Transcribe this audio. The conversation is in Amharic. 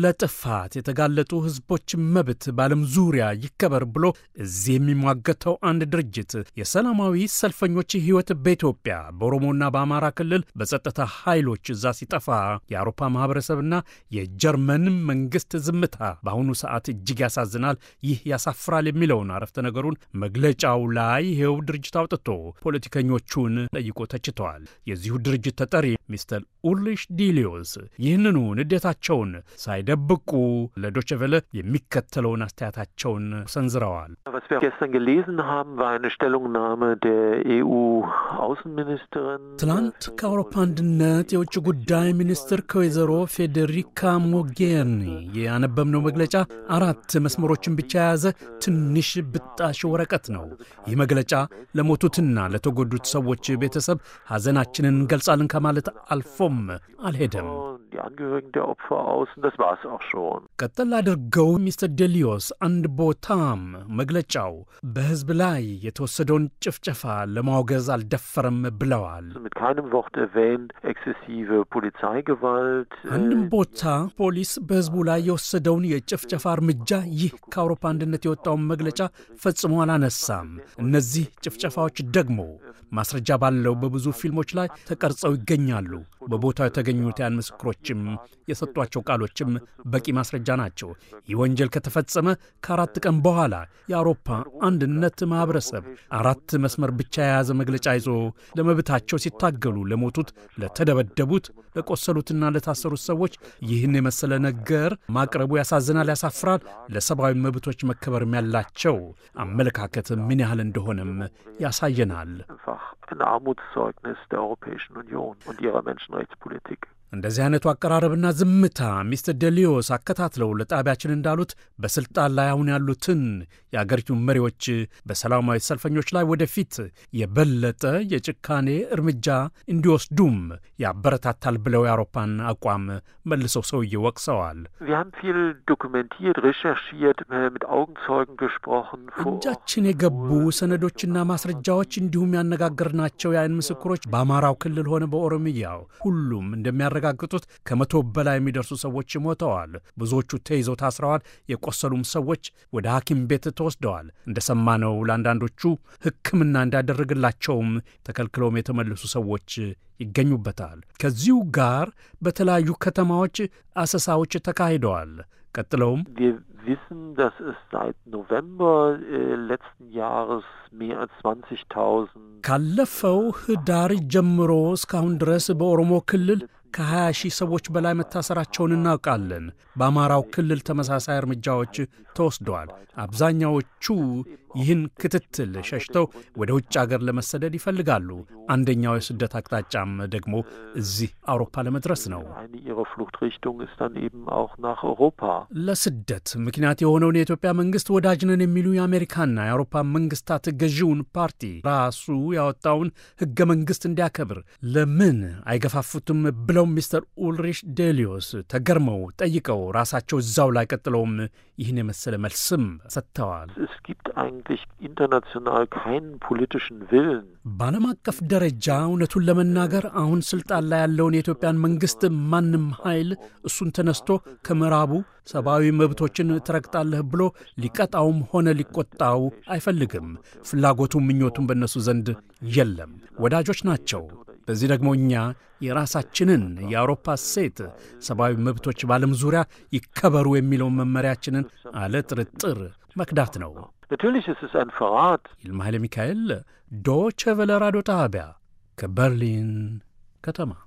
ለጥፋት የተጋለጡ ህዝቦች መብት በዓለም ዙሪያ ይከበር ብሎ እዚህ የሚሟገተው አንድ ድርጅት የሰላማዊ ሰልፈኞች ሕይወት በኢትዮጵያ በኦሮሞና በአማራ ክልል በጸጥታ ኃይሎች እዛ ሲጠፋ የአውሮፓ ማኅበረሰብና የጀርመን መንግሥት ዝምታ በአሁኑ ሰዓት እጅግ ያሳዝናል፣ ይህ ያሳፍራል የሚለውን አረፍተ ነገሩን መግለጫው ላይ ይኸው ድርጅት አውጥቶ ፖለቲከኞቹን ጠይቆ ተችተዋል። የዚሁ ድርጅት ተጠሪ ሚስተር ኡርሊሽ ዲሊዮስ ይህንኑ ንዴታቸውን ሳይደብቁ ለዶቼ ቬለ የሚከተለውን አስተያየታቸውን ሰንዝረዋል። e ትናንት ከአውሮፓ አንድነት የውጭ ጉዳይ ሚኒስትር ከወይዘሮ ፌዴሪካ ሞጌሪኒ ያነበብነው መግለጫ አራት መስመሮችን ብቻ የያዘ ትንሽ ብጣሽ ወረቀት ነው። ይህ መግለጫ ለሞቱትና ለተጎዱት ሰዎች ቤተሰብ ሐዘናችንን እንገልጻለን ከማለት አልፎም አልሄደም። die Angehörigen der Opfer aus und das es auch schon። ቀጥል አድርገው ሚስተር ዴሊዮስ አንድ ቦታም መግለጫው በህዝብ ላይ የተወሰደውን ጭፍጨፋ ለማውገዝ አልደፈረም ብለዋል። mit keinem Wort erwähnt exzessive Polizeigewalt. Äh, አንድም ቦታ ፖሊስ በህዝቡ ላይ የወሰደውን የጭፍጨፋ እርምጃ ይህ ከአውሮፓ አንድነት የወጣውን መግለጫ ፈጽሞ አላነሳም። እነዚህ ጭፍጨፋዎች ደግሞ ማስረጃ ባለው በብዙ ፊልሞች ላይ ተቀርጸው ይገኛሉ። በቦታው የተገኙት ያን ምስክሮች ሌሎችም የሰጧቸው ቃሎችም በቂ ማስረጃ ናቸው። ይህ ወንጀል ከተፈጸመ ከአራት ቀን በኋላ የአውሮፓ አንድነት ማኅበረሰብ አራት መስመር ብቻ የያዘ መግለጫ ይዞ ለመብታቸው ሲታገሉ ለሞቱት፣ ለተደበደቡት፣ ለቆሰሉትና ለታሰሩት ሰዎች ይህን የመሰለ ነገር ማቅረቡ ያሳዝናል፣ ያሳፍራል። ለሰብአዊ መብቶች መከበርም ያላቸው አመለካከት ምን ያህል እንደሆነም ያሳየናል። ein Armutszeugnis der Europäischen Union und ihrer Menschenrechtspolitik. እንደዚህ አይነቱ አቀራረብና ዝምታ ሚስተር ደሊዮስ አከታትለው ለጣቢያችን እንዳሉት በስልጣን ላይ አሁን ያሉትን የአገሪቱ መሪዎች በሰላማዊ ሰልፈኞች ላይ ወደፊት የበለጠ የጭካኔ እርምጃ እንዲወስዱም ያበረታታል ብለው የአውሮፓን አቋም መልሰው ሰውዬ ወቅሰዋል። äh, እጃችን የገቡ ሰነዶችና ማስረጃዎች እንዲሁም ያነጋገርናቸው የአይን ምስክሮች በአማራው ክልል ሆነ በኦሮሚያው ሁሉም እንደሚያረ እንዳረጋገጡት ከመቶ በላይ የሚደርሱ ሰዎች ሞተዋል። ብዙዎቹ ተይዘው ታስረዋል። የቆሰሉም ሰዎች ወደ ሐኪም ቤት ተወስደዋል። እንደሰማነው ለአንዳንዶቹ ሕክምና እንዳደረግላቸውም ተከልክለውም የተመለሱ ሰዎች ይገኙበታል። ከዚሁ ጋር በተለያዩ ከተማዎች አሰሳዎች ተካሂደዋል። ቀጥለውም wissen, dass es seit November äh, letzten Jahres mehr als 20.000 ካለፈው ህዳር ጀምሮ እስካሁን ድረስ በኦሮሞ ክልል ከ20 ሺህ ሰዎች በላይ መታሰራቸውን እናውቃለን። በአማራው ክልል ተመሳሳይ እርምጃዎች ተወስደዋል። አብዛኛዎቹ ይህን ክትትል ሸሽተው ወደ ውጭ አገር ለመሰደድ ይፈልጋሉ። አንደኛው የስደት አቅጣጫም ደግሞ እዚህ አውሮፓ ለመድረስ ነው። ለስደት ምክንያት የሆነውን የኢትዮጵያ መንግስት ወዳጅነን የሚሉ የአሜሪካና የአውሮፓ መንግስታት ገዢውን ፓርቲ ራሱ ያወጣውን ህገ መንግስት እንዲያከብር ለምን አይገፋፉትም ብለው ሚስተር ኡልሪሽ ዴሊዮስ ተገርመው ጠይቀው ራሳቸው እዛው ላይ ቀጥለውም ይህን የመሰለ መልስም ሰጥተዋል። Es በዓለም አቀፍ ደረጃ እውነቱን ለመናገር አሁን ስልጣን ላይ ያለውን የኢትዮጵያን መንግስት ማንም ኃይል እሱን ተነስቶ ከምዕራቡ ሰብአዊ መብቶችን ትረግጣለህ ብሎ ሊቀጣውም ሆነ ሊቆጣው አይፈልግም። ፍላጎቱም ምኞቱም በእነሱ ዘንድ የለም። ወዳጆች ናቸው። በዚህ ደግሞ እኛ የራሳችንን የአውሮፓ ሴት ሰብአዊ መብቶች በዓለም ዙሪያ ይከበሩ የሚለውን መመሪያችንን አለ ጥርጥር መክዳት ነው። ይልማ ኃይለ ሚካኤል ዶቼ ቬለ ራዲዮ ጣቢያ ከበርሊን ከተማ